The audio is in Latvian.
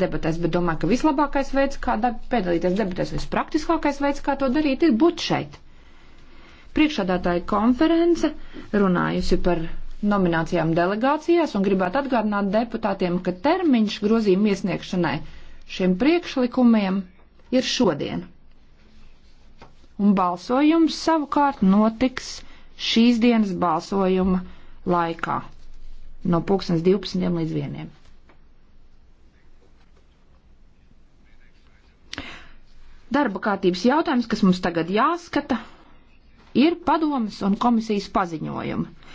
debatēs, bet domāju, ka vislabākais veids, kā piedalīties debatēs, vispraktiskākais veids, kā to darīt, ir būt šeit. Priekšādātāja konference runājusi par nominācijām delegācijās un gribētu atgādināt deputātiem, ka termiņš grozījuma iesniegšanai šiem priekšlikumiem ir šodien. Un balsojums savukārt notiks šīs dienas balsojuma laikā no 2012 līdz 1. Darba kārtības jautājums, kas mums tagad jāskata, ir padomas un komisijas paziņojumi.